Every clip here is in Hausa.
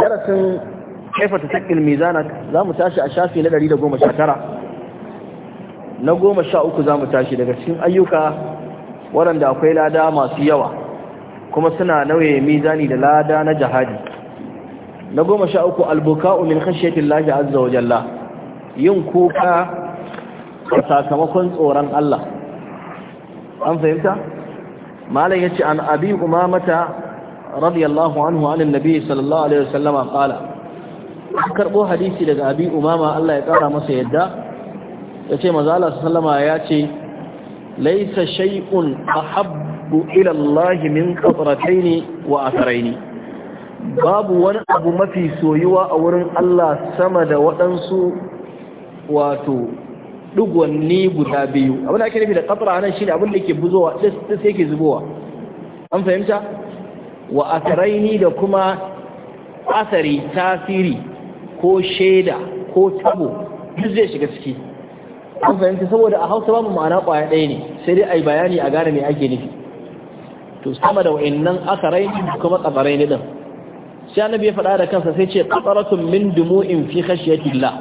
darasin kaifa ta taƙil mizanak za mu tashi a shafi na 119 na 13 za mu tashi daga cikin ayyuka waɗanda akwai lada masu yawa kuma suna nauye mizani da lada na jihadi na 13 sha uku albuka'u min azza wa jalla yin kuka a sakamakon tsoron Allah an fahimta malam yace an abi umamata رضي الله عنه عن النبي صلى الله عليه وسلم قال karbo hadisi daga abi umama Allah ya kara masa yadda yace maza Allah sallama laisa laysa shay'un ahabbu ila Allah min qatratayn wa atharayn babu wani abu mafi soyuwa a wurin Allah sama da waɗansu wato dugwanni guda biyu abin da ake nufi da qatra nan shine abin da yake buzowa sai yake zubowa an fahimta wa asaraini da kuma asari tasiri ko shaida ko tabo duk zai shiga ciki an fahimta saboda a hausa mu ma'ana kwaya ɗaya ne sai dai a yi bayani a gane mai ake nufi to sama da wa'annan asaraini da kuma tsabaraini din sai annabi ya faɗa da kansa sai ce qataratun min in fi khashyatillah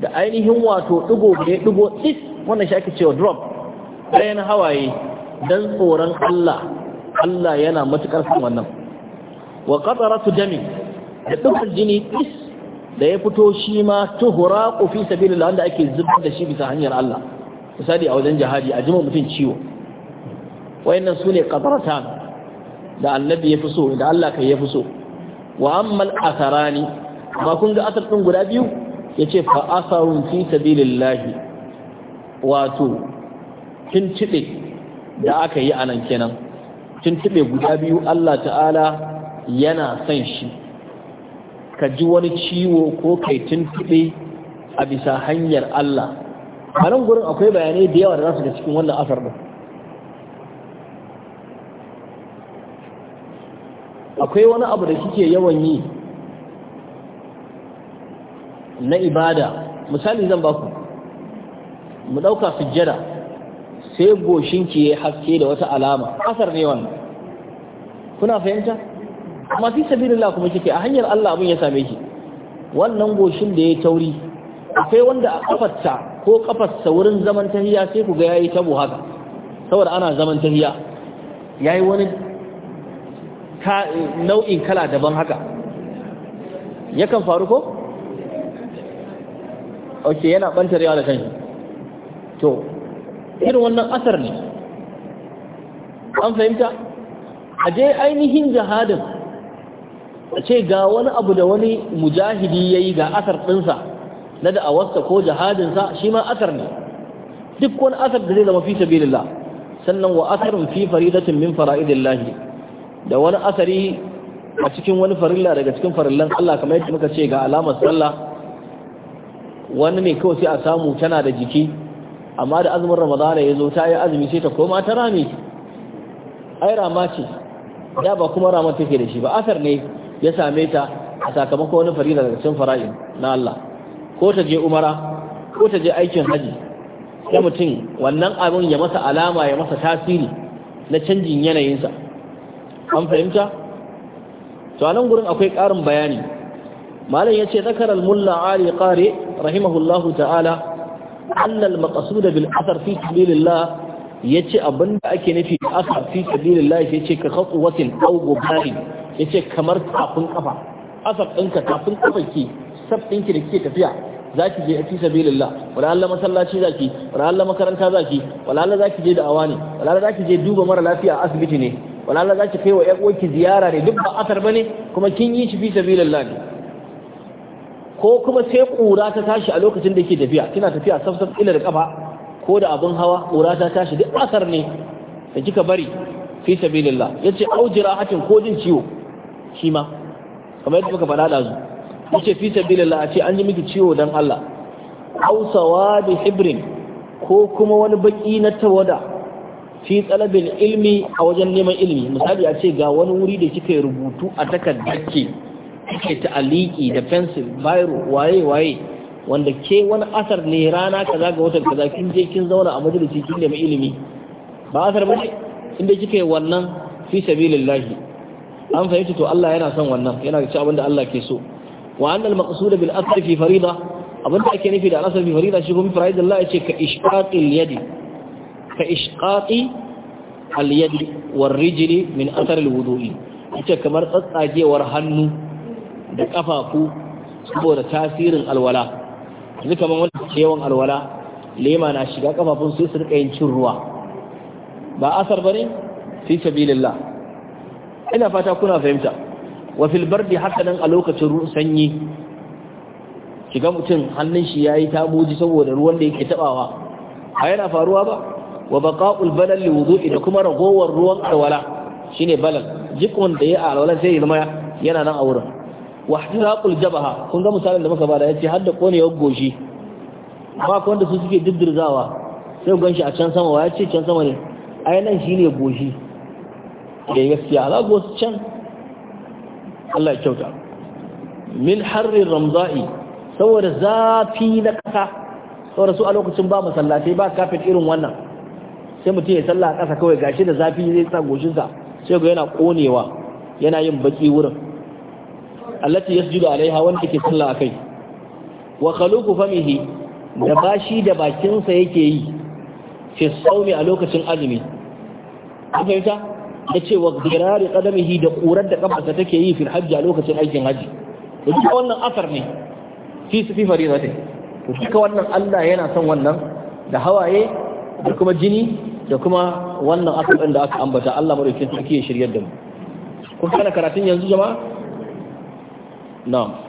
da ainihin wato digo ne digo tsis wannan shi ake cewa drop ɗayan hawaye dan tsoron Allah Allah yana matukar san wannan wa qataratu dami da dukkan jini is da ya fito shi ma tuhraqu fi sabilillah wanda ake zubar da shi bisa hanyar Allah misali a wajen jihadi a jima mutum ciwo wayannan sune qataratan da annabi ya so da Allah kai ya fi so wa amma al-atharani ba kun ga asar din guda biyu yace fa asarun fi sabilillah wato kin cide da aka yi anan kenan tuntube guda biyu Allah ta'ala yana son shi ka ji wani ciwo ko kai tuntube a bisa hanyar Allah a nan gurin akwai bayanai da yawa da za su ga cikin wannan asar akwai wani abu da kike yawan yi na ibada misali zan baku mu ɗauka sujjada sai goshinki ya haske da wata alama asar ne wannan kuna fahimta amma fi sabilillah kuma kike a hanyar Allah abin ya same ki wannan goshin da ya tauri akwai wanda a kafarsa ko kafarsa wurin zaman tahiya sai ku ga yayi tabo haka saboda ana zaman tahiya yayi wani nau'in kala daban haka yakan faru ko ok yana bantarewa da kanshi to irin wannan asar ne an fahimta a je ainihin jihadin a ce ga wani abu da wani mujahidi ya yi ga asar ɗinsa na da'awarsa ko jihadinsa shi ma asar ne duk wani asar da zai zama fi sabilillah sannan wa asarin fi faridatin min fara'idillahi da wani asari a cikin wani farilla daga cikin farillan Allah kamar yadda muka ce ga alamar sallah wani ne kawai sai a samu tana da jiki amma da azumin ramadana ya zo ta yi azumi sai ta koma ta rami. ai rama ce ya ba kuma ramar take da shi ba asar ne ya same ta a sakamakon wani farida daga cin fara'in na Allah ko ta je umara ko ta je aikin haji sai mutum wannan abin ya masa alama ya masa tasiri na canjin yanayinsa an fahimta to a nan gurin akwai ƙarin bayani malam ya ce zakarar mulla ali qari rahimahullahu ta'ala annal maqsuda bil athar fi sabilillah yace abinda ake nufi da athar fi sabilillah yace ka khatwatin aw gubarin yace kamar kafin kafa asab ɗinka kafin kafa ki sab ɗinki da kike tafiya zaki je a fi sabilillah wala Allah masallaci zaki wala Allah makaranta zaki wala Allah zaki je da'awa ne wala Allah zaki je duba mara lafiya a asibiti ne wala Allah zaki kai wa ƴan uwanki ziyara ne duk ba asar bane kuma kin yi shi fi sabilillah ne ko kuma sai ƙura ta tashi a lokacin da ke tafiya kina tafiya safsaf ila da kafa ko da abin hawa ƙura ta tashi duk asar ne da kika bari fi sabilillah yace au jirahatin ko jin ciwo shi ma kamar yadda muka faɗa da Ya yace fi sabilillah a ce an yi miki ciwo dan Allah au da hibrin ko kuma wani baki na tawada fi talabil ilmi a wajen neman ilmi misali a ce ga wani wuri da kika rubutu a takardar ke. kake ta'aliki da fensil, biro waye waye wanda ke wani asar ne rana kaza ga watan kaza kin je kin zauna a majalisi kin nemi ilimi ba asar ba inda kika yi wannan fi sabilillahi an fahimci to Allah yana son wannan yana da abin da Allah ke so wa annal maqsud bil asr fi farida abin da ake nufi da asr fi farida shi kuma farida Allah yace ka ishqaqil yadi ka ishqaqi al yadi war rijli min athar al wudu'i ita kamar tsatsagewar hannu da kafafu saboda tasirin alwala yanzu kamar wanda yawan alwala lema na shiga kafafun sai su rika yin cin ruwa ba asar bane fi sabilillah ina fata kuna fahimta wa fil bardi haka nan a lokacin sanyi shiga mutum hannun shi yayi tabuji saboda ruwan da yake tabawa a yana faruwa ba wa baqa'ul balal li wudu'i da kuma ragowar ruwan alwala shine balal jikon da ya alwala sai ya yana nan a wurin wa jabaha kun ga misalin da muka bada yace har da konewar goshi amma kun da su suke diddirzawa sai ku ganshi a can sama wa yace can sama ne ai nan shine goshi da gaskiya ala goshi can Allah ya kyauta min harri ramza'i saboda zafi na kasa saboda su a lokacin ba masallatai ba kafin irin wannan sai mutum ya salla a kasa kawai gashi da zafi zai sa goshinsa sai ga yana konewa yana yin baki wurin allati yasjudu alaiha wanda ke sallah akai wa khaluqu famihi da bashi da bakinsa yake yi fi saumi a lokacin azumi an fahimta da ce wa girari kadamihi da ƙurar da kafarsa take yi fil hajji a lokacin aikin hajji to duka wannan asar ne fi su fi farizatin to duka wannan Allah yana son wannan da hawaye da kuma jini da kuma wannan asar da aka ambata Allah madaukakin sarki ya shiryar da mu kun kana karatun yanzu jama'a na'am